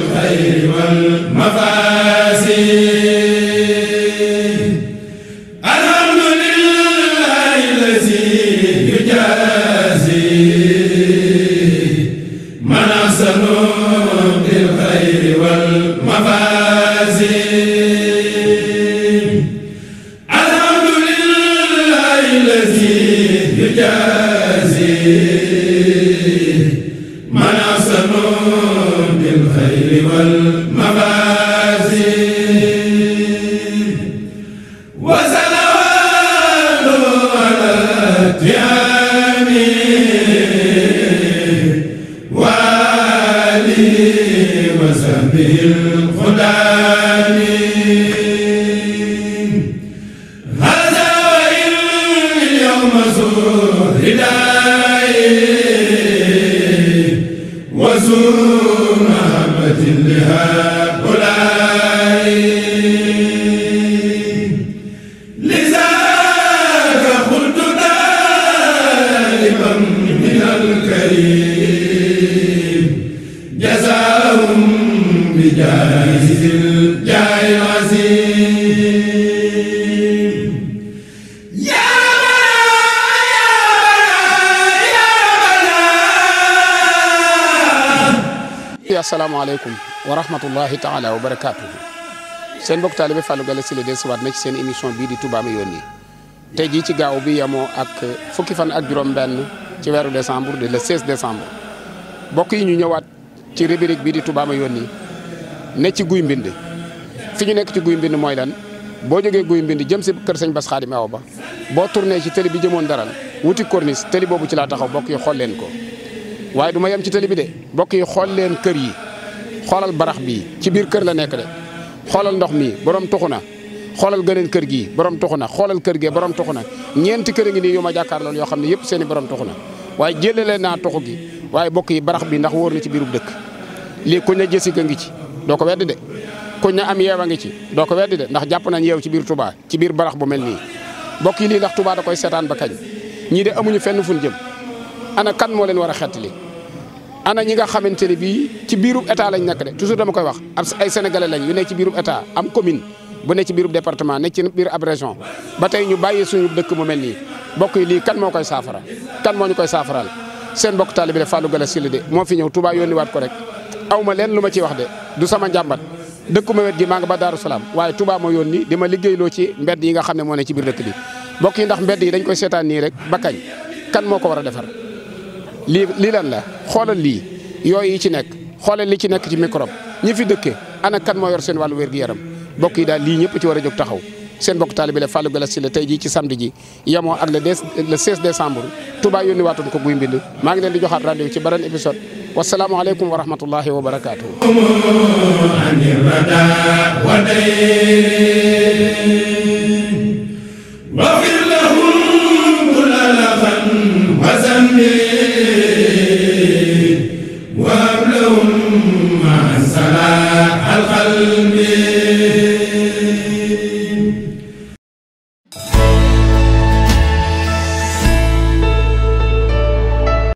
الخير والمفاسد الحمد لله الذي يجازي من أحسن بالخير والمفاسد الحمد لله الذي يجازي من أحسن الخير والمغازي وسلام على الدعام وآله وصحبه الخدام هذا وإن اليوم زور هدايه وزور رحمة لهؤلاء لذاك قلت دائما من الكريم جزاهم بجاه الجاه العزيز asalaamaaleykum wa rahmatullahi taala wa barakaatuhu seen mbokk taalibe Fallou Gallé Sylla del siwaat na ci seen émission bii di Touba ma yónni tey jii ci gaaw bi yemoo ak fukki fan ak juróom benn ci weeru décembre de le 16 décembre mbokk yi ñu ñëwaat ci rubrique bii di Touba ma yónni ne ci guy mbind fi ñu nekk ci guy mbind mooy lan boo jógee guy mbind jëm si kër sëñ Bass Xaadim Awa Ba boo tourné ci tëli bi jëmoon daral wuti corniche tëli boobu ci laa taxaw mbokk yi xool leen ko waaye duma ma ci tali bi de mbokk yi xool leen kër yi xoolal barax bii ci biir kër la nekk de xoolal ndox mi borom tuxu na xoolal gëneen kër gii borom tuxu na xoolal kër gee borom tuxu na ñeenti kër ngi nii yu ma jàkkaar loolu yoo xam ne yëpp seen i borom tuxu na waaye leen naa tuxu gi waaye bokk yi barax bi ndax wóor na ci biir bu dëkk lii kuñ na jësika ngi ci doo ko weddi de kuñ ne am yeew a ngi ci doo ko weddi de ndax jàpp nañ yeew ci biir tubaa ci biir barax bu mel nii bokk yi lii ndax da koy seetaan ba kañ ñii de amuñu fenn fuñ jëm ana kan moo leen war a xettali ana ñi nga xamante ne bii ci biirub état lañ nekk de toujours dama koy wax am ay sénégalais lañ yu ne ci biirub état am commune bu ne ci biirub département ne ci biir ab région ba tey ñu bàyyi suñu dëkk mu mel nii mbokk yi lii kan moo koy saafara kan moo ñu koy saafaraal seen mbokk taalibe de Fallou Galass Syll de moo fi ñëw Touba yónni waat ko rek aw ma leen lu ma ciy wax de du sama njàmbat dëkk dëkkuma wet gi maa nga ba Daaru Salaam waaye Touba ma yónni di ma liggéeyloo ci mbedd yi nga xam ne moo ne ci biir dëkk bi mbokk yi ndax mbedd yi dañ koy seetaan nii rek ba kan moo ko war a defar lii lii lan la xoolal lii yooyu yi ci nekk xoolal li ci nekk ci microbe ñi fi dëkke ana kan moo yor seen wàllu wér-gu-yaram bokk yi daal lii ñëpp ci war a jóg taxaw seen bokk taalibi la Fallou Gallas Sylla tey jii ci samedi ji yemoo ak le le 16 décembre Touba yónni waatoon ko guy mbind maa ngi leen di joxaat rendez-vous ci beneen épisode wasalaamualeykum wa rahmatullahi wa barakaatu. مع السلام القلبي